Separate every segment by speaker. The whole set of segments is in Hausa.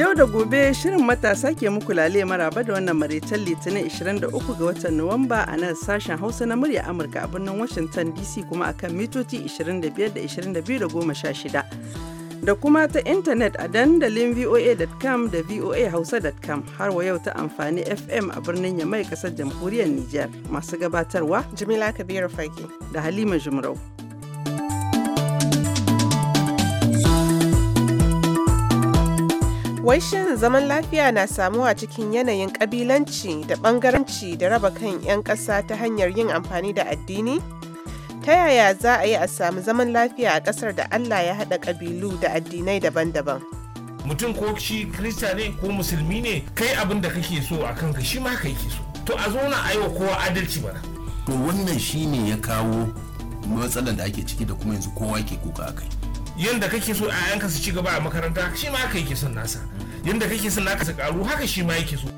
Speaker 1: Yau da gobe shirin matasa ke muku lale maraba da wannan maraicen litinin 23 ga watan Nuwamba a nan sashen Hausa na murya Amurka a birnin Washington DC kuma akan mitoci 25 da 22 da 16. Da kuma ta intanet a dandalin voa.com da voahausa.com har wa yau ta amfani FM a birnin Yamai kasar jamhuriyar Niger masu gabatarwa Jamila Kabiru Fage da Halima Jumrau.
Speaker 2: Wai zaman lafiya na samuwa cikin yanayin ƙabilanci da ɓangaranci da raba kan 'yan ƙasa ta hanyar yin amfani da addini? Ta yaya za a yi a samu zaman lafiya a ƙasar da Allah ya haɗa ƙabilu da addinai daban-daban?
Speaker 3: Mutum ko shi Kirista ne ko Musulmi ne kai abin da kake so a kanka shi ma kai ke so. To a zo na aiwa kowa adalci bana.
Speaker 4: To wannan shi ne ya kawo matsalar da ake ciki da kuma yanzu kowa ke kuka a kai.
Speaker 3: yadda kake so a yanka su ci gaba a makaranta shi ma haka yake son nasa yadda kake son naka su karu haka shi ma yake so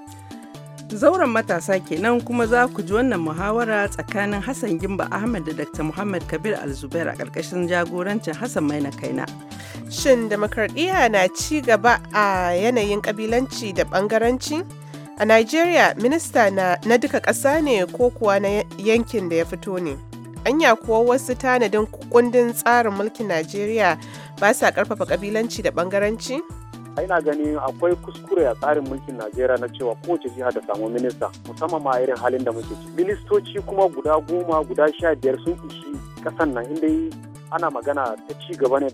Speaker 1: zauren matasa kenan kuma za ku ji wannan muhawara tsakanin hassan gimba ahmed da dr muhammad
Speaker 2: kabir alzubair a ƙarƙashin jagorancin hassan maina kaina shin demokradiyya na ci gaba a yanayin kabilanci da bangaranci a nigeria minista na duka ƙasa ne ko kuwa na yankin da ya fito ne anya kuwa wasu tanadin kundin tsarin mulkin najeriya ba sa karfafa kabilanci da
Speaker 5: bangaranci ina ganin akwai kuskure a tsarin mulkin najeriya na cewa kowace jiha da samu minista musamman ma irin halin da muke ci ministoci kuma guda goma guda sha biyar sun ishi kasan nan inda ana magana ta ci gaba ne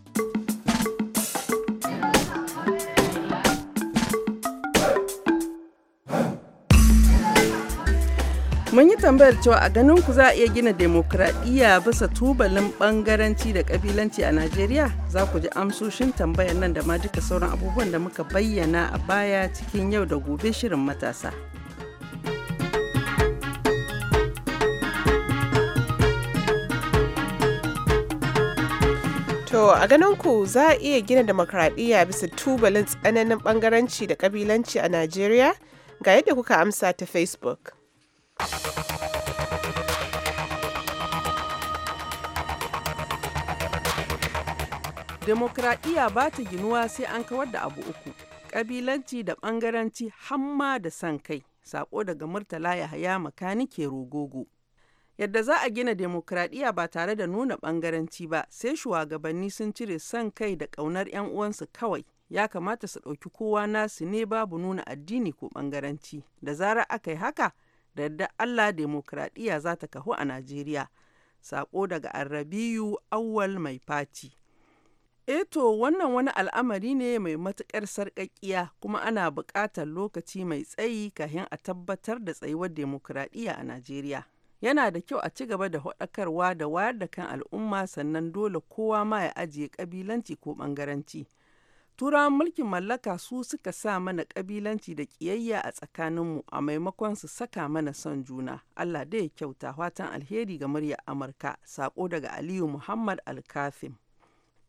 Speaker 1: Mun yi tambayar cewa a ganin ku za a iya gina demokradiyya bisa tubalin bangaranci da kabilanci a Najeriya za ku ji amsoshin tambayar nan da ma duka sauran abubuwan da muka bayyana a baya cikin yau da gobe shirin matasa.
Speaker 2: To a ganin ku za a iya gina demokradiyya bisa tubalin tsananin bangaranci da kabilanci a Najeriya ga yadda kuka amsa ta Facebook.
Speaker 1: Demokradiyya ba ta ginuwa sai an kawar da abu uku, ƙabilanci da ɓangaranci hamma da san kai, saƙo daga Murtala Yahaya ke Rogogo. Yadda za a gina demokradiyya ba tare da nuna ɓangaranci ba, sai shugabanni sun cire san kai da ƙaunar 'yan uwansu kawai. Ya kamata su ɗauki kowa nasu ne babu nuna addini ko ɓangaranci. Da zara aka yi haka, da yadda Allah demokradiyya za ta kahu a Najeriya. Sako daga Arrabiyu Awwal Mai Faci. Eto eh wannan wani al'amari ne mai matuƙar sarƙaƙiya kuma ana buƙatar lokaci mai tsayi kahin a tabbatar da tsayuwar demokradiyya a Najeriya. Yana da kyau a ci gaba da haɗakarwa da wayar da kan al'umma sannan dole kowa ma ya ajiye ƙabilanci ko ɓangaranci. Turawan mulkin mallaka su suka sa mana kabilanci da ƙiyayya a tsakaninmu a maimakon su saka mana son juna. Allah dai ya kyauta fatan alheri ga muryar Amurka, sako daga Aliyu Muhammad Alkafim.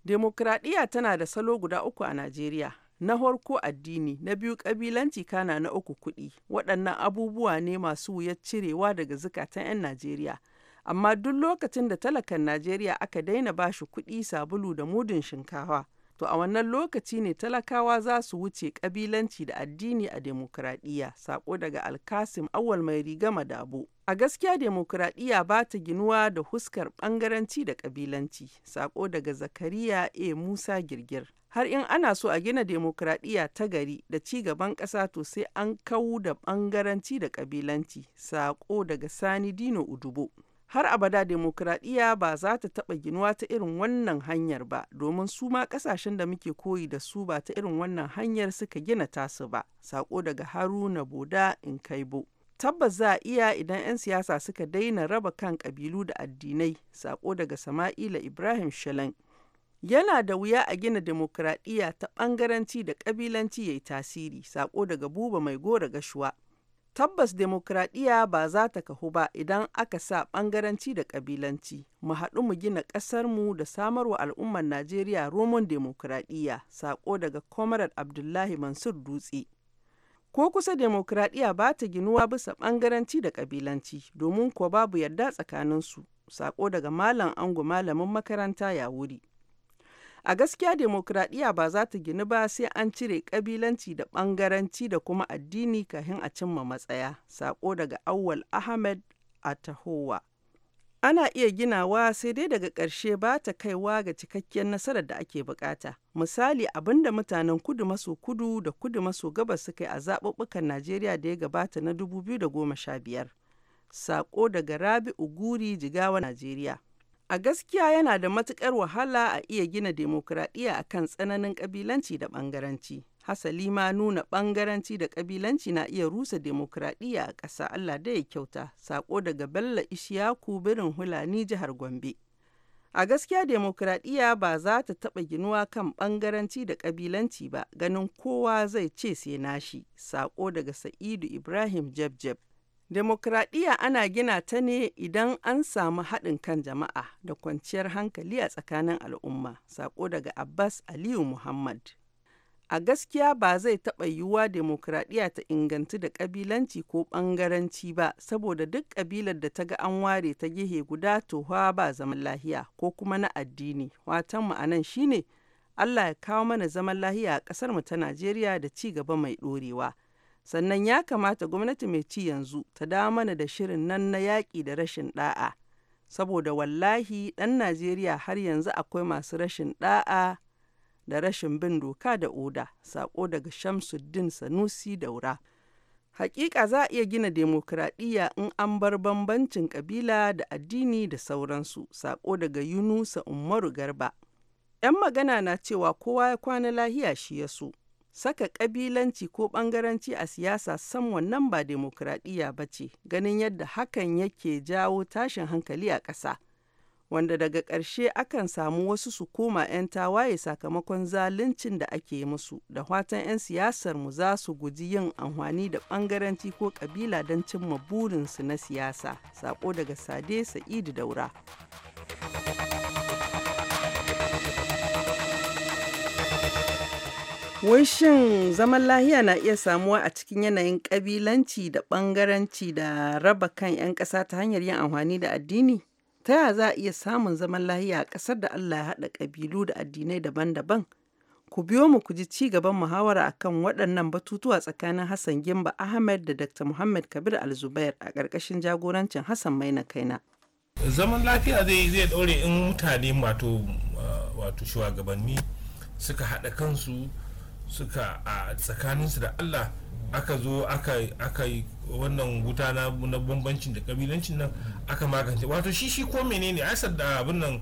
Speaker 1: Demokradiyya tana da salo guda uku a Najeriya. Na farko addini, na biyu kabilanci kana na uku kuɗi. Waɗannan abubuwa ne masu wuyar cirewa daga zukatan 'yan Najeriya. Amma duk lokacin da talakan Najeriya aka daina bashi kuɗi sabulu da mudun shinkawa. To a wannan lokaci ne talakawa za su wuce kabilanci da addini a demokradiyya, sako daga Alkasim Awal mai riga madabo. A gaskiya demokradiyya ba ta ginuwa da huskar ɓangaranci da kabilanci, sako daga Zakariya A. Musa Girgir. Har in ana so a gina demokradiyya ta gari da ci gaban ƙasa to sai an kawo da ɓangaranci da kabilanci, sako daga Sani Dino Udubo. har abada demokuraɗiyya ba za ta taba ginuwa ta irin wannan hanyar ba domin su ma ƙasashen da muke koyi da su ba ta irin wannan hanyar suka gina tasu ba sako daga haruna boda in kaibo tabbas za a iya idan 'yan siyasa suka daina raba kan kabilu da addinai sako daga sama'ila ibrahim shalan yana da wuya a gina demokuraɗiyya ta bangaranci da kabilanci ya yi tasiri sako daga buba mai gora gashuwa Tabbas demokradiyya ba za ta kahu ba idan aka sa bangaranci da kabilanci. Mu haɗu mu gina ƙasarmu da samarwa al'ummar Najeriya roman demokradiyya. Sako daga Comrade Abdullahi Mansur Dutse. Ko kusa demokradiyya ba ta ginuwa bisa bangaranci da kabilanci domin kuwa babu yarda tsakaninsu. Sako daga Malam Ango malamin makaranta ya wuri. A gaskiya demokradiyya ba za ta gini ba sai an cire kabilanci da bangaranci da kuma addini kahin a cimma matsaya. Sako daga Awwal Ahmed Atahowa. Ana iya ginawa sai dai daga ƙarshe ba ta kaiwa ga cikakkiyar nasarar da ake bukata. Misali abinda mutanen kudu maso kudu da kudu maso gabas suka yi a zaɓuɓɓukan Najeriya da ya gabata na 2015. Sako daga Rabi Uguri Jigawa Najeriya. A gaskiya yana da matukar wahala a iya gina demokradiyya kan tsananin kabilanci da bangaranci. Hasali ma nuna bangaranci da kabilanci na iya rusa demokradiyya a ƙasa Allah da ya kyauta. Sako daga Bello ishiyaku birin Hulani jihar Gombe. A gaskiya demokradiyya ba za ta taɓa ginuwa kan ɓangaranci da ƙabilanci ba, ganin kowa zai ce sai nashi. Sako daga Sa'idu Ibrahim Jabjab. Demokradiyya ana gina ta ne idan an samu haɗin kan jama'a da kwanciyar hankali a tsakanin al'umma. Sako daga Abbas Aliyu Muhammad. A gaskiya ba zai taɓa yiwuwa demokradiyya ta inganci da ƙabilanci ko ɓangaranci ba, saboda duk ƙabilar da ta ga an ware ta gehe guda tohuwa ba zaman lahiya ko kuma na addini. Watan a nan shine Allah ya kawo mana zaman lahiya a ƙasarmu ta Najeriya da ci gaba mai ɗorewa. sannan ya kamata gwamnati mai ci yanzu ta dawo mana da shirin nan na yaƙi da rashin ɗa'a saboda wallahi ɗan najeriya har yanzu akwai masu rashin ɗa'a da rashin bin doka da oda saƙo daga shamsuddin sanusi daura hakika za a iya gina demokradiyya in an bar bambancin kabila da addini da sauransu saƙo daga yunusa umaru garba 'yan magana na cewa kowa ya kwana lahiya shi ya so Saka ƙabilanci ko ɓangaranci a siyasa san wannan ba demokradiyya ba ce, ganin yadda hakan yake jawo tashin hankali a ƙasa. Wanda daga ƙarshe akan samu wasu su koma 'yan tawaye sakamakon zaluncin da ake musu, da watan 'yan siyasar mu za su guji yin amfani da ɓangaranci ko ƙabila don cimma burinsu na siyasa. Sako daga Sade Sa'idu Daura. Wai shin zaman lahiya na iya samuwa a cikin yanayin ƙabilanci da bangaranci da raba kan 'yan ƙasa ta hanyar yin amfani da addini? Ta yaya za a iya samun zaman lahiya a ƙasar da Allah ya haɗa ƙabilu da addinai daban-daban? Ku biyo mu ku ji ci gaban muhawara a kan waɗannan batutuwa tsakanin Hassan Gimba Ahmed da Dr. Muhammad Kabir Al-Zubair a ƙarƙashin jagorancin Hassan Maina Kaina.
Speaker 3: Zaman lafiya zai zai ɗore in mutane wato shugabanni suka haɗa kansu suka a tsakaninsu da allah aka zo aka yi wannan wuta na bambancin da kabilancin nan aka magance wato shi shi ko menene asar da abin nan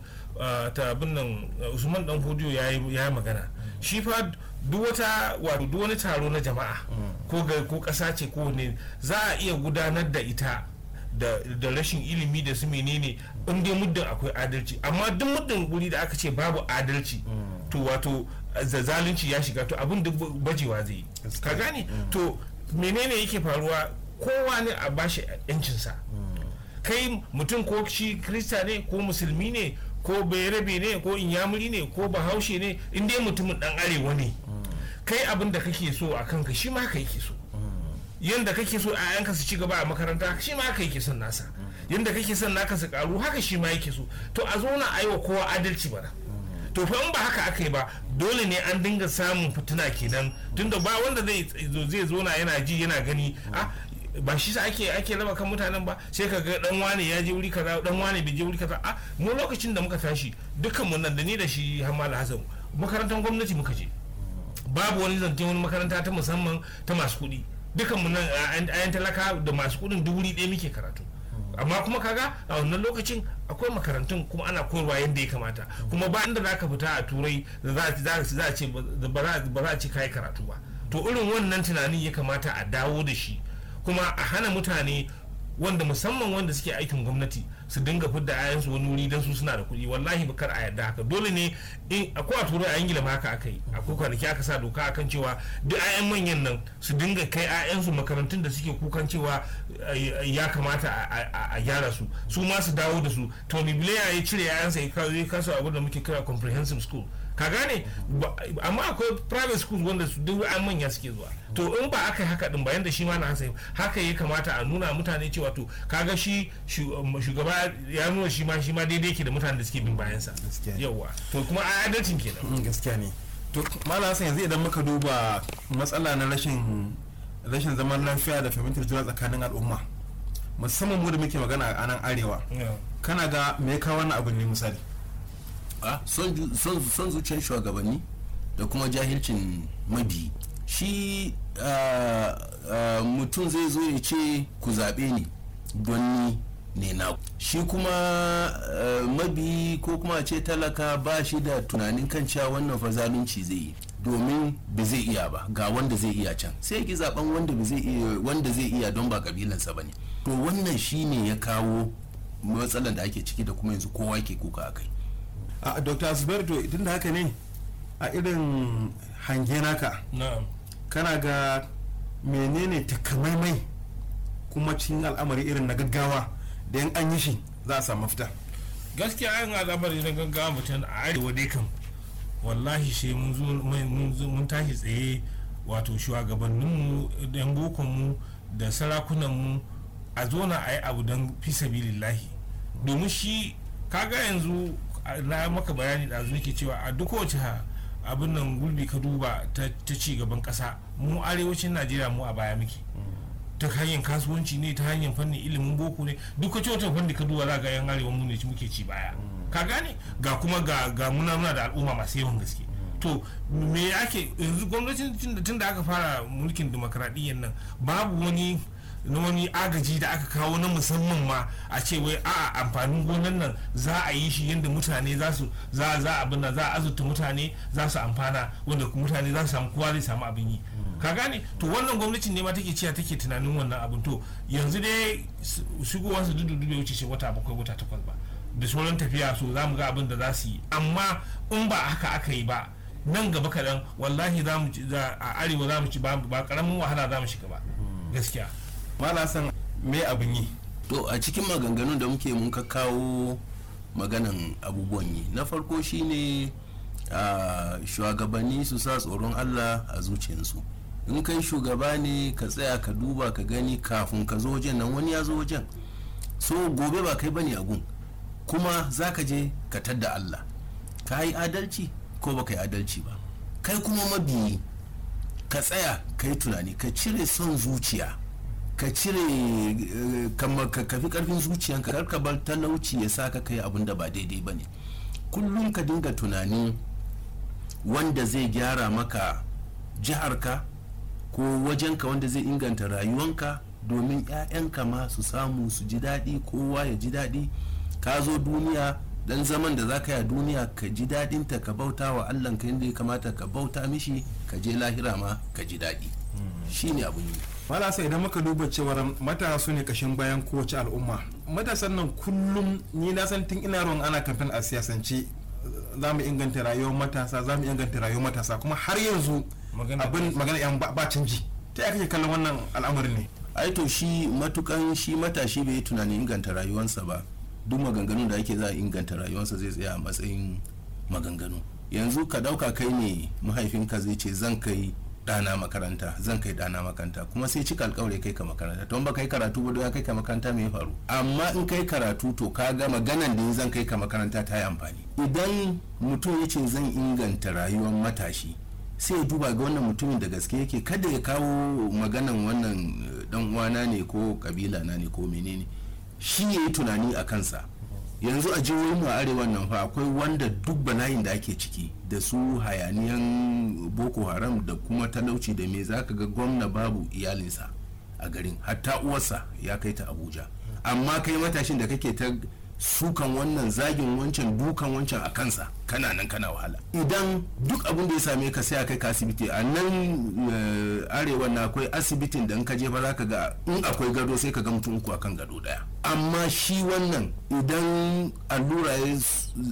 Speaker 3: ta abin nan usman dan fodiyo ya yi magana shi fa duk wata wato duk wani taro na jama'a mm. ko ko kasa ce ko ne za a iya gudanar da ita da rashin ilimi da su menene in dai muddin akwai adalci amma duk muddin wuri da aka ce babu adalci mm. to wato zalunci ya shiga to abin duk bajewa zai yi ka gane mm. to menene yake faruwa kowa ne a bashi yancinsa mm. kai mutum ko shi krista ne ko musulmi ne ko bayarabe ne ko inyamuri ne ko bahaushe ne in dai mutumin dan arewa ne kai abin da kake so a kanka shi ma haka yake so yadda kake so yanka su ci gaba a makaranta shi ma haka yake son nasa yadda kake son naka su karu haka shi ma yake so to a zo na aiwa kowa adalci bara to fa in ba haka aka yi ba dole ne an dinga samun fituna kenan tunda ba wanda zai zai zo na yana ji yana gani a ah, ba shi sa ake ake raba kan mutanen ba sai ka ga dan wane ya je wuri kaza dan wane bai je wuri kaza a ah, mu lokacin da muka tashi dukkan mun nan da ni da shi Hamal Hassan makarantar gwamnati muka je babu wani zantin wani makaranta ta musamman ta masu kuɗi dukan mu nan ayan talaka da masu kudin duburi ɗaya muke karatu amma kuma kaga a wannan lokacin akwai makarantun kuma ana koyarwa yadda ya kamata kuma ba inda zaka fita a turai za a ce ba za a ce kayi karatu ba to irin wannan tunanin ya kamata a dawo da shi kuma a hana mutane wanda musamman wanda suke aikin gwamnati su dinga fidda ayan su wani wuri dan su suna da kuɗi wallahi ba kar a yarda haka dole ne in akwai a turai a ingila ma haka aka yi akwai kwanaki aka sa doka akan cewa duk ayan manyan nan su dinga kai ayan su makarantun da suke kukan cewa eh, eh, ya kamata a gyara su su ma su dawo da su tony blair ya cire sa ya kawo ya kasu abin da muke kira comprehensive school ka gane amma akwai private schools wanda su duk an manya suke zuwa to in ba aka haka din ba yanda shi ma na hasa haka ya kamata a nuna mutane cewa to kaga shi um, shugaba ya nuna shi ma shi ma daidai ke da mutanen da suke
Speaker 4: bin bayansa yawa to kuma adalcin nan mm, gaskiya ne to malam hasan yanzu idan muka duba matsala na rashin rashin zaman lafiya da fahimtar juna tsakanin al'umma musamman mu da muke magana a nan arewa kana ga me ya kawo wannan abin ne misali a ah, son zuciyar shugabanni da kuma jahilcin mabi shi ah, ah, mutum zai zo ya ce ku zaɓe ni don ni ne na shi kuma mabi ko kuma ce talaka ba shi da tunanin kan cewa wannan fa zalunci zai yi domin ba zai iya ba ga wanda zai iya can sai ki zaben wanda zai iya wanda zai iya don ba kabilansa bane to wannan shi ne ya kawo matsalar da ake ciki da kuma yanzu kowa ke kuka a kai a dr zubair to da haka ne a irin hange naka kana ga menene takamaimai kuma cikin al'amari irin na gaggawa da yan an yi shi za a samu fita gaskiya yin
Speaker 3: al'amari na gaggawa mutum a arewa dai kan wallahi sai mun tashi tsaye wato shugabanninmu yan bokonmu da sarakunanmu a zona a yi abu don fi sabilillahi domin shi kaga yanzu na maka bayani da ɗazu nake cewa a duk wace abin nan gulbi ka duba ta ci gaban kasa mu arewacin najeriya mu a baya muke ta hanyar kasuwanci ne ta hanyar fannin ilimin boko ne duk wacce wata fannin ka duba za ga yan arewa mu ne muke ci baya ka gane ga kuma ga muna muna da al'umma masu yawan gaske to me ake yanzu gwamnatin tun da aka fara mulkin dimokuraɗiyyar nan babu wani na wani agaji da aka kawo na musamman ma a ce wai a amfanin gonan nan za a yi shi yadda mutane za su za za abin za a azurta mutane za su amfana wanda mutane za su samu kowa zai samu abin yi ka gane to wannan gwamnatin ne ma take cewa take tunanin wannan abin to yanzu dai shigowa su dudu dudu wuce wata bakwai wata takwas ba da sauran tafiya so za mu ga abin da za su yi amma in ba haka aka yi ba nan gaba kaɗan wallahi a arewa za mu ci ba karamin wahala za mu shiga ba gaskiya
Speaker 4: ba na san me abin yi to a cikin maganganun da muke mun kawo maganan abubuwan yi na farko shine a shugabanni su sa tsoron allah a zuciyarsu in kai shugaba ne ka tsaya ka duba ka gani kafin ka zo wajen nan wani ya zo wajen so gobe ba kai bane agun kuma za ka je ka tadda allah ka yi adalci ko ba ka yi adalci ba kai kuma mabiyi ka tsaya ka yi tunani ka cire son zuciya ka cire eh, ka fi karfin zuciyanka kar ka bar talauci ya sa ka kai abin da ba daidai ba ne kullum ka dinga tunani wanda zai gyara maka jiharka ko wajenka wanda zai inganta rayuwanka domin 'ya'yanka ma su samu su ji daɗi kowa ya ji daɗi ka zo duniya dan zaman da zaka yi a duniya ka ji daɗinta ka bauta wa Allah ka yadda ya kamata ka bauta mishi ka je lahira ma ka ji daɗi hmm. Shi ne abun yi malasa idan muka duba cewar matasa su ne kashin bayan kowace al'umma matasan nan kullum ni na san tun ina ruwan ana kamfen a siyasance za mu inganta rayuwar matasa za mu inganta rayuwar matasa kuma har yanzu abin magana yan ba canji ta ya kake kallon wannan al'amarin ne ai to shi matukan shi matashi bai tunanin inganta rayuwarsa ba duk maganganu da ake za a inganta rayuwarsa zai tsaya a matsayin maganganu yanzu ka dauka kai ne mahaifinka zai ce zan kai dana makaranta zan kai dana makaranta kuma sai cika alkawari kai ka makaranta to ba kai karatu ba ya kai ka makaranta me faru amma in kai karatu to ka ga maganan da zan kai ka makaranta ta yi amfani idan mutum ya ce zan inganta rayuwar matashi sai ya duba ga wannan mutumin da gaske yake kada ya kawo maganan wannan dan eh, uwana ne ko kabila na ne ko menene shi ya yi tunani a kansa yanzu a jihohin a arewa nan fa akwai wanda duk banayin da ake ciki da su hayaniyan boko haram da kuma talauci da me zaka ga gwamna babu iyalinsa a garin hatta uwarsa ya kai ta abuja amma kai matashin da kake ta sukan wannan zagin wancan dukan wancan a kansa kana nan kana wahala idan duk abin da ya same ka sai a kai ka asibiti a nan eh, arewa na akwai asibitin da in ka je ba za ka ga in akwai gado sai ka ga mutum uku akan gado daya amma shi wannan idan allura ya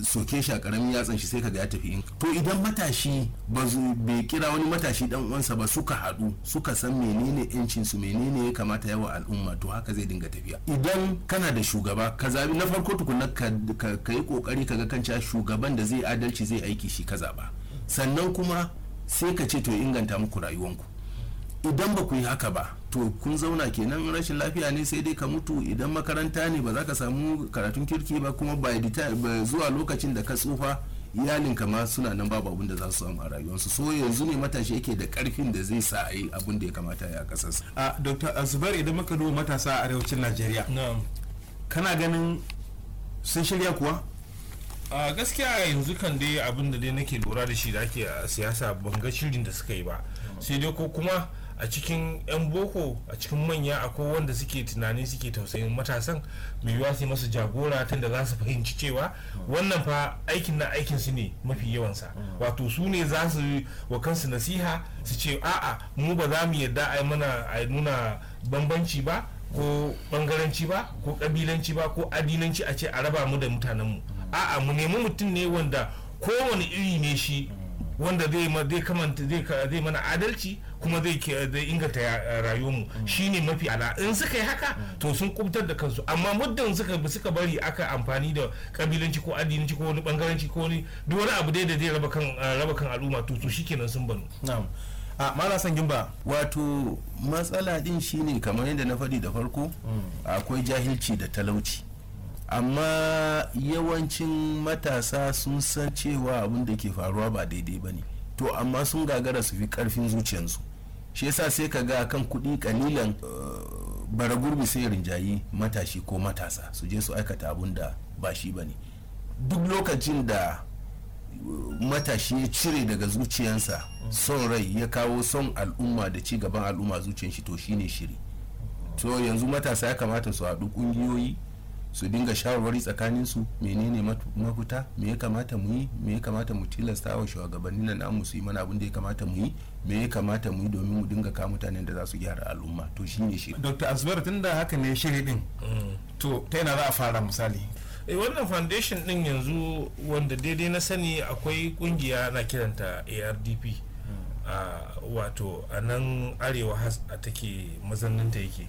Speaker 4: soke shi a karamin yatsan shi sai ka ga ya tafi to idan matashi ba bai kira wani matashi dan uwansa ba suka haɗu suka san menene yancin su menene ya kamata yawa al'umma to haka zai dinga tafiya idan kana da shugaba ka zabi na farko tukunna ka yi kokari ka ga kan shugaban da zai adalci zai aiki shi kaza ba sannan kuma sai ka ce to inganta muku rayuwanku idan ba ku yi haka ba to kun zauna kenan rashin lafiya ne sai dai ka mutu idan makaranta ne ba za ka samu karatun kirki ba kuma ba zuwa lokacin da ka tsufa iyalin ma suna nan babu abin da za su samu a rayuwarsu so yanzu ne matashi yake da karfin da zai sa yi abin da ya kamata ya kasarsa. a dr zubair idan muka duba matasa a arewacin najeriya kana ganin sun shirya kuwa a
Speaker 3: gaskiya yanzu kan dai abin da dai nake lura da shi da ake a siyasa ban ga shirin da suka yi ba sai dai ko kuma a cikin 'yan boko a cikin manya akwai wanda suke tunani suke tausayin matasan mai yiwuwa sai masu jagora tun da za su fahimci cewa wannan fa aikin na aikin su ne mafi yawansa wato su ne za su wa kansu nasiha su ce a'a mu ba za mu yadda a mana a nuna bambanci ba ko bangaranci ba ko kabilanci ba ko adinanci a ce a raba mu da mutanenmu a'a mu nemi mutum ne wanda kowane iri ne shi wanda zai kamanta zai mana adalci kuma zai inganta rayuwarmu mm. ne mafi ala in suka yi haka mm. to sun kubtar da kansu amma muddin suka suka bari aka amfani da kabilanci ko addininci ko wani bangaranci ko wani duk wani abu dai da zai raba kan ah, al'umma to to shikenan sun banu
Speaker 4: a ah, mala san gimba wato matsala din shine kamar yadda na faɗi da farko mm. akwai jahilci da talauci amma yawancin matasa sun san cewa abin da ke faruwa ba daidai ba ne to amma sun gagara su fi karfin zuciyansu shi yasa sai ka ga kan kuɗi kalilan eh, bara gurbi sai rinjayi matashi ko matasa su je su aikata abin da ba shi ba ne duk lokacin da eh, matashi ya cire daga zuciyansa son rai ya kawo son al'umma da ci gaban al'umma zuciyar shi to shine shiri to yanzu matasa ya kamata su haɗu ƙungiyoyi su dinga shawarwari tsakanin su menene mafita me ya kamata mu yi me ya kamata mu tilasta wa shugabanni na namu su yi mana abin da ya kamata mu yi me ya kamata mu yi domin mu dinga kawo mutanen da za su gyara al'umma to shine shi Dr. Asbar da haka ne
Speaker 3: shiri din to ta yana za a fara misali eh wannan foundation din yanzu wanda daidai na sani akwai kungiya na kiranta ARDP hmm. ah, wato a nan arewa take ta yake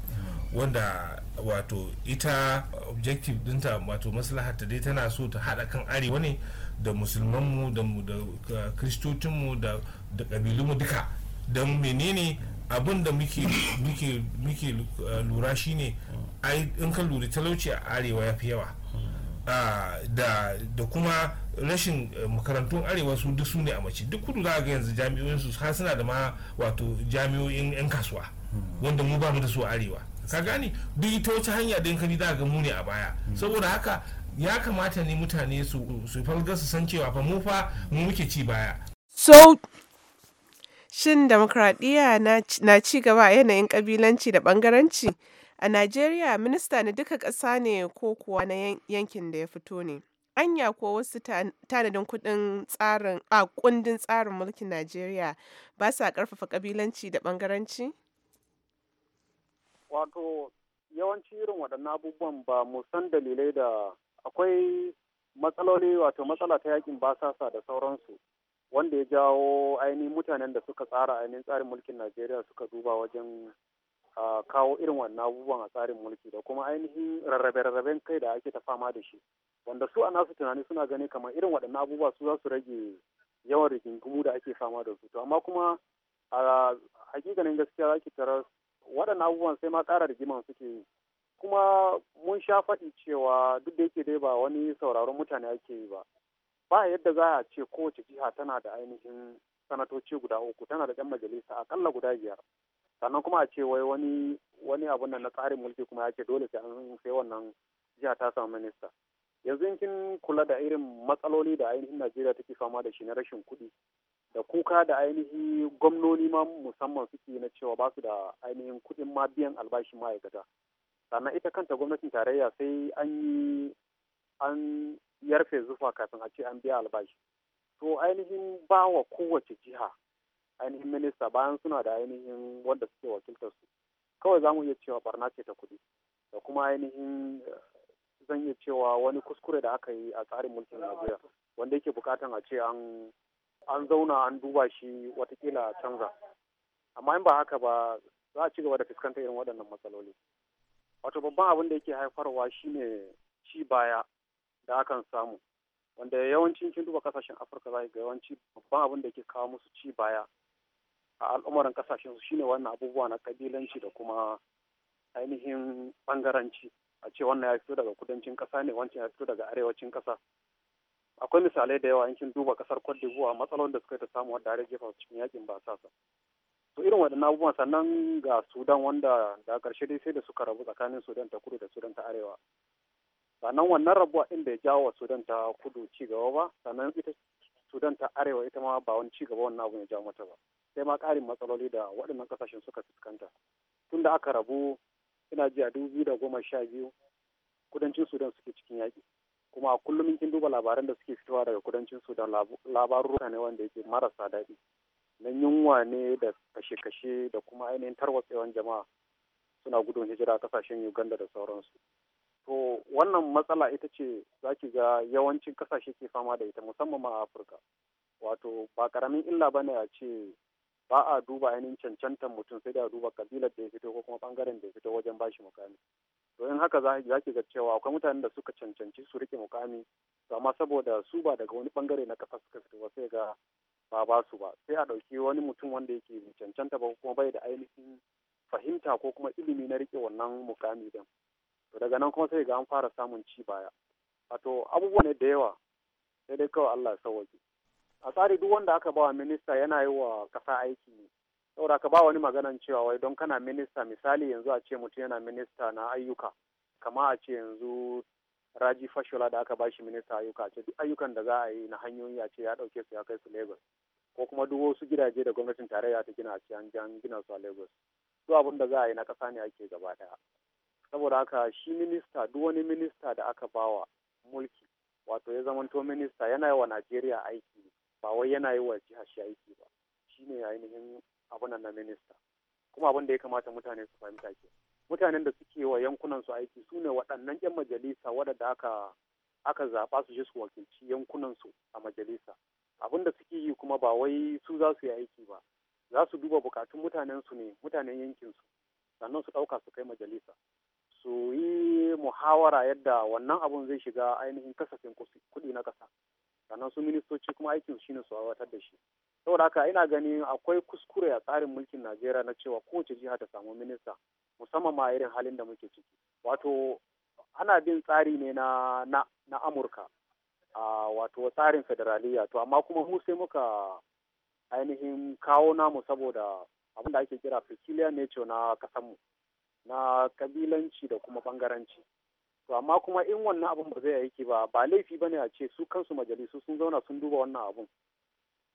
Speaker 3: wanda wato ita objective dinta wato ta dai tana so ta hada kan arewa ne da musulmanmu da mu da kristocinmu da duka don menene abin da muke eh, lura shine in ka lura talauci a arewa ya fi yawa ah, da kuma rashin eh, makarantun arewa su duk su ne a mace duk kudu za ga yanzu jami'o'in su suna da ma wato jami'o'in 'yan kasuwa wanda mu ba mu da su a arewa ka gani duk ita wata hanya da ka za ga muni ne a baya saboda haka ya kamata ne mutane su su su san cewa fa mu fa mu muke ci baya
Speaker 2: so shin demokradiyya na ci gaba a yanayin kabilanci da bangaranci a najeriya minista na duka ƙasa ne ko kuwa na yankin da ya fito ne anya ko wasu tanadin kudin tsarin a kundin tsarin mulkin Najeriya ba sa karfafa kabilanci da bangaranci?
Speaker 5: wato yawanci irin waɗannan abubuwan ba mu san dalilai da akwai matsaloli wato matsala ta yakin basasa da sauransu wanda ya jawo ainihin mutanen da suka tsara ainihin tsarin mulkin najeriya suka duba wajen kawo irin wannan abubuwan a tsarin mulki da kuma ainihin rarrabe-rarraben kai da ake ta fama da shi wanda su a nasu tunani suna gani kamar irin waɗannan abubuwa su za su rage yawan rigingimu da ake fama da su to amma kuma a hakikanin gaskiya za ki tarar waɗannan abubuwan sai ma ƙara rigiman suke yi kuma mun sha faɗi cewa duk da yake dai ba wani sauraron mutane ake yi ba ba yadda za a ce kowace jiha tana da ainihin sanatoci guda uku tana da ɗan majalisa akalla guda biyar sannan kuma a ce wai wani wani abun nan na tsarin mulki kuma ya ce dole sai an sai wannan jiha ta samu minista yanzu kin kula da irin matsaloli da ainihin najeriya take fama da shi na rashin kuɗi da kuka da ainihin gwamnoni ma musamman suke na cewa ba su da ainihin kuɗin ma biyan albashin ma'aikata sannan ita kanta gwamnatin tarayya sai an yi an yarfe zufa kafin a ce an biya albashi to ainihin ba wa kowace jiha ainihin minista bayan suna da ainihin wanda suke wakiltar su kawai za mu iya cewa barna ce ta kuɗi da kuma ainihin zan iya cewa wani kuskure da aka yi a tsarin mulkin najeriya wanda yake bukatan a ce an an zauna an duba shi watakila canza amma in ba haka ba za a ci gaba da fuskantar irin waɗannan matsaloli wato babban abin da yake haifarwa shine ci baya da akan samu wanda yawancin kin duba kasashen afirka za ga yawanci babban abin da yake kawo musu ci baya a al'umarin kasashen su shine wannan abubuwa na kabilanci da kuma ainihin bangaranci a ce wannan ya fito daga kudancin kasa ne wancan ya fito daga arewacin kasa akwai misalai da yawa in kin duba kasar Cote d'Ivoire matsalolin da suka ta samu wanda har jefa cikin yakin ba sasa to irin waɗannan abubuwan sannan ga Sudan wanda da ƙarshe dai sai da suka rabu tsakanin Sudan ta kudu da Sudan ta arewa sannan wannan rabuwa ɗin bai jawo wa Sudan ta kudu ci gaba ba sannan ita Sudan ta arewa ita ma ba wani ci gaba wannan abun ya jawo mata ba sai ma ƙarin matsaloli da waɗannan ƙasashen suka fuskanta tun da aka rabu ina ji a dubu da goma sha biyu kudancin Sudan suke cikin yaƙi kuma kullum kin duba labaran da suke fitowa daga kudancin sudan ruwa ne wanda yake marasa daɗi na yunwa ne da kashe-kashe da kuma ainihin tarwatsewan jama'a suna gudun hijira a kasashen uganda da sauransu to wannan matsala ita ce za ki ga yawancin kasashe ke fama da ita musamman ma afirka wato ba karamin illa ne a ce ba a duba ainihin cancantar mutum sai da a duba kabilar da ya fito ko kuma bangaren da ya fito wajen bashi mukami to in haka za ki ga cewa akwai mutanen da suka cancanci su rike mukami amma saboda su ba daga wani bangare na kasa suka fito ba sai ga ba ba su ba sai a ɗauki wani mutum wanda yake cancanta ba kuma bai da ainihin fahimta ko kuma ilimi na rike wannan mukami din to daga nan kuma sai ga an fara samun ci baya wato abubuwa ne da yawa sai dai kawai Allah ya waje. a tsari duk wanda aka bawa minista yana yi wa kasa aiki ne saboda ka ba wani maganan cewa wai don kana minista misali yanzu a ce mutum yana minista na ayyuka kama a ce yanzu raji fashola da aka ba shi minista ayyuka a ce duk ayyukan da za a yi na hanyoyi a ce ya dauke su ya kai su lagos ko kuma duk wasu gidaje da gwamnatin tarayya ta gina a ce an gina su a lagos duk abin da za a yi na kasa ne ake gaba ɗaya saboda haka shi minista duk wani minista da aka bawa mulki wato ya zamanto minista yana yi wa najeriya aiki ba wai yana yi wa jihar shi aiki ba shine ainihin abin nan na minista kuma abin da ya kamata mutane su fahimta ke mutanen da suke wa yankunan su aiki su ne waɗannan 'yan majalisa waɗanda aka aka zaɓa su je su wakilci yankunan su a majalisa abin da suke yi kuma ba wai su za su yi aiki ba za su duba bukatun mutanen su ne mutanen yankin su sannan su ɗauka su kai majalisa su yi muhawara yadda wannan abun zai shiga ainihin kasafin kuɗi na ƙasa sannan su ministoci kuma aikin shine su aiwatar da shi saboda haka ina ganin akwai kuskure a tsarin mulkin najeriya na cewa kowace jiha ta samu minista musamman ma irin halin da muke ciki wato ana bin tsari ne na na, amurka a wato tsarin federaliya to amma kuma mu sai muka ainihin kawo namu saboda abin da ake kira peculiar nature na kasanmu na kabilanci da kuma bangaranci to amma kuma in wannan abun ba zai aiki ba ba laifi ba ne a ce su kansu majalisu sun zauna sun duba wannan abun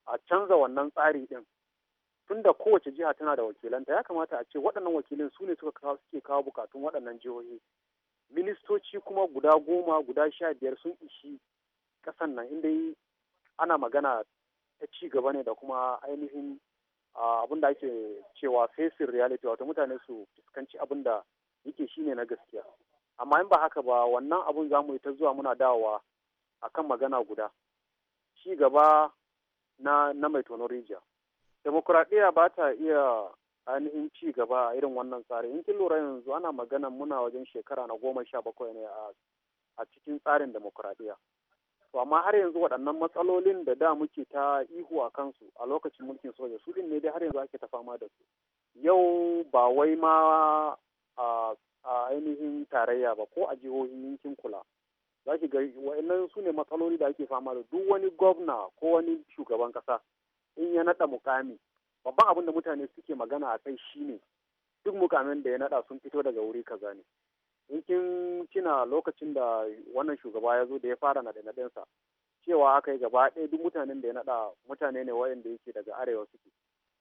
Speaker 5: a canza wannan tsari din tunda kowace jiha tana da wakilanta ya kamata a ce waɗannan wakilin su ne suka kawo suke kawo bukatun waɗannan jihohi ministoci kuma guda goma guda sha biyar sun ishi ƙasan nan inda ana magana ta ci gaba ne da kuma ainihin abin da ake cewa facing reality wato mutane su fuskanci abin da yake shine na gaskiya amma in ba haka ba wannan abun za mu yi ta zuwa muna dawowa akan magana guda ci gaba na, na mai tonorijiya rijiya demokuraɗiyya ba ta iya ainihin ci gaba a irin wannan tsari in kin lura yanzu ana magana muna wajen shekara na goma sha bakwai ne a cikin tsarin demokuraɗiyya to amma har yanzu waɗannan matsalolin da da muke ta ihu a kansu a lokacin mulkin soja su ne dai har yanzu ake ta fama da su yau ba wai ma a ainihin tarayya ba ko a jihohin yankin kula za ki ga wa'annan su ne matsaloli da ake fama da duk wani gwamna ko wani shugaban kasa in ya naɗa mukami babban abin da mutane suke magana a kai shine duk mukamin da ya naɗa sun fito daga wuri kaza ne in kin kina lokacin da wannan shugaba ya zo da ya fara na naɗe naɗensa cewa aka yi gaba ɗaya duk mutanen da ya naɗa mutane ne waɗanda yake daga arewa suke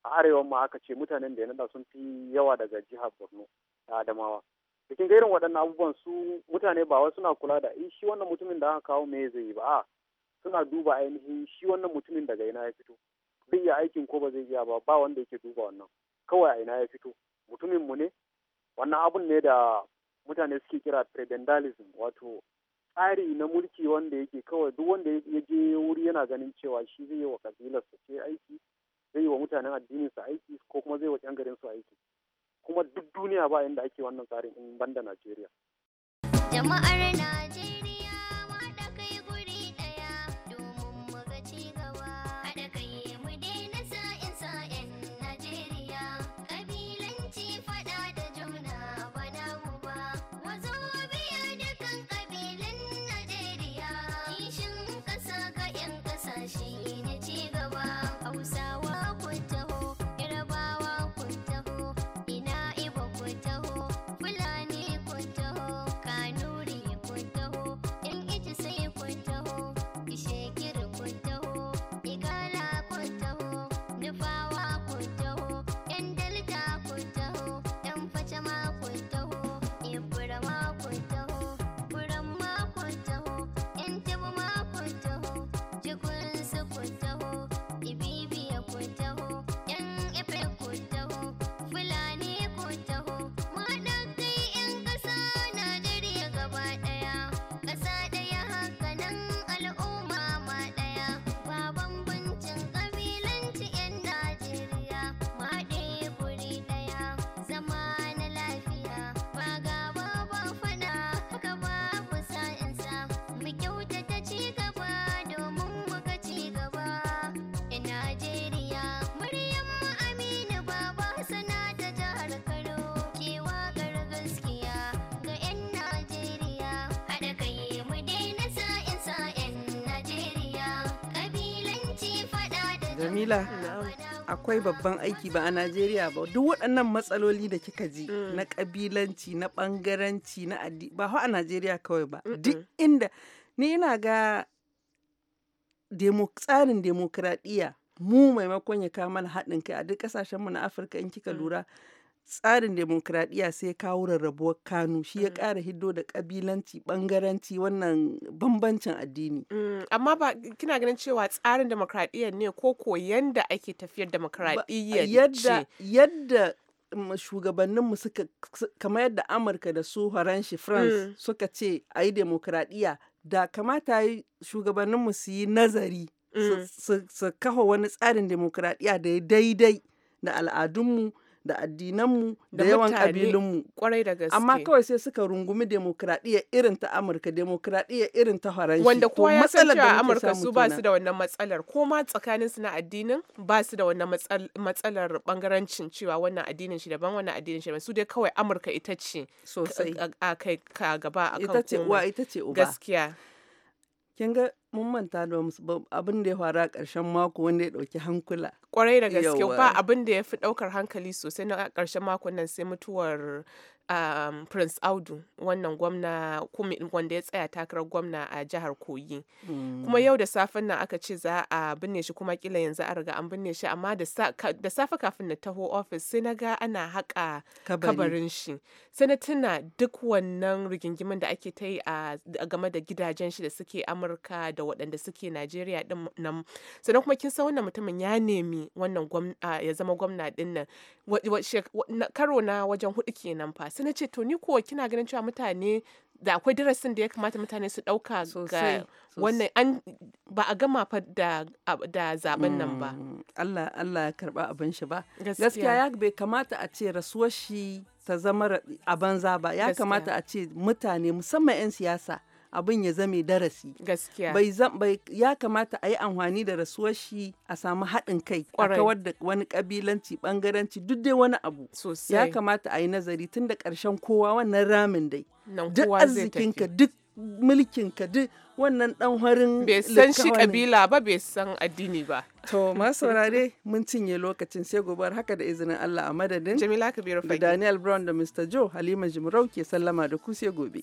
Speaker 5: a arewa ma aka ce mutanen da ya naɗa sun fi yawa daga jihar borno da adamawa cikin ga irin waɗannan abubuwan su mutane ba wai suna kula da in eh, shi wannan mutumin da aka kawo me zai yi ba a suna duba ainihin shi wannan mutumin daga ina ya fito zai iya aikin ko ba zai iya ba ba wanda yake duba wannan kawai a ina ya fito mutumin mu ne wannan abun ne da mutane suke kira prebendalism wato tsari na mulki wanda yake kawai duk wanda ya je wuri yana ganin cewa shi zai yi wa kabilarsa ce aiki zai yi wa mutanen addinin addininsa aiki ko kuma zai wa ƴan su aiki kuma duk duniya ba inda ake wannan tsarin in banda Najeriya.
Speaker 6: Jama'ar Najeriya. Jamila
Speaker 1: akwai babban aiki ba a Najeriya ba duk waɗannan matsaloli da kika ji mm. na kabilanci na ɓangaranci na addi ba a Najeriya kawai ba duk inda ni ina ga tsarin demokradiyya mu maimakon ya kawo mana haɗin kai a duk ƙasashenmu na Afirka in kika mm. lura tsarin demokradiyya sai kawo rarrabuwar kanu shi ya kara mm. hiddo da kabilanci bangaranci wannan bambancin addini. Mm,
Speaker 2: amma ba kina ganin cewa tsarin demokradiyya ne ko ko yanda ake tafiyar demokradiyya yadda
Speaker 1: yadda mm, shugabanninmu suka kamar yadda amurka da su faranshi france suka ce a yi demokradiyya da kamata shugabanninmu su yi nazari su kafa wani tsarin demokradiyya da ya daidai da al'adunmu da addinanmu da yawan ƙabilunmu kwarai da gaske amma kawai sai suka rungumi demokradiyya irin ta Amurka demokradiyya irin ta Faransa wanda kowa ya san cewa Amurka su ba su da
Speaker 2: wannan matsalar ko ma tsakanin su na addinin ba su da wannan matsalar bangarancin cewa wannan addinin shi daban wannan addinin shi daban su dai kawai Amurka ita ce sosai a kai ka gaba akan ita ce uwa ita ce uba gaskiya
Speaker 1: kin ga mun manta da abin da ya faru a ƙarshen mako wanda ya ɗauki hankula. Kwarai da gaske ba
Speaker 2: abin da ya fi ɗaukar hankali sosai na ƙarshen makon nan sai mutuwar um, prince audu wannan gwamna wanda ya tsaya takarar gwamna a jihar kogi mm. kuma hmm. yau da safen nan aka ce za a binne shi kuma kila yanzu a riga an binne shi amma da safe kafin na taho ofis sai na ga ana haƙa kabarin shi sai na tuna duk wannan rigingimin da ake ta yi a game da gidajen shi da suke amurka da waɗanda suke najeriya din nan sannan kuma kin san wannan mutumin ya nemi wannan ya zama gwamna din nan karo na wajen hudu kenan fa sai na ce to ni kuwa kina ganin cewa mutane da akwai darasin da ya kamata mutane su ɗauka ga wannan an ba a gama fa da, da zaben nan ba mm, Allah Allah ya karba abin shi ba gaskiya
Speaker 1: ya bai kamata a ce rasuwar shi ta zama a banza ba ya kamata a ce mutane musamman 'yan siyasa abin ya zame darasi gaskiya bai ya kamata a yi amfani da rasuwar shi a samu haɗin kai a kawar da wani kabilanci bangaranci duk dai wani abu sosai ya kamata a yi nazari tun da ƙarshen kowa wannan ramin dai duk arzikinka duk mulkinka duk wannan dan harin bai san shi kabila
Speaker 2: ba bai san addini ba
Speaker 1: to masu saurare mun cinye lokacin sai gobar haka da izinin Allah a madadin Jamila Kabiru da Daniel Brown da Mr. Joe Halima Jimarau ke sallama da ku sai gobe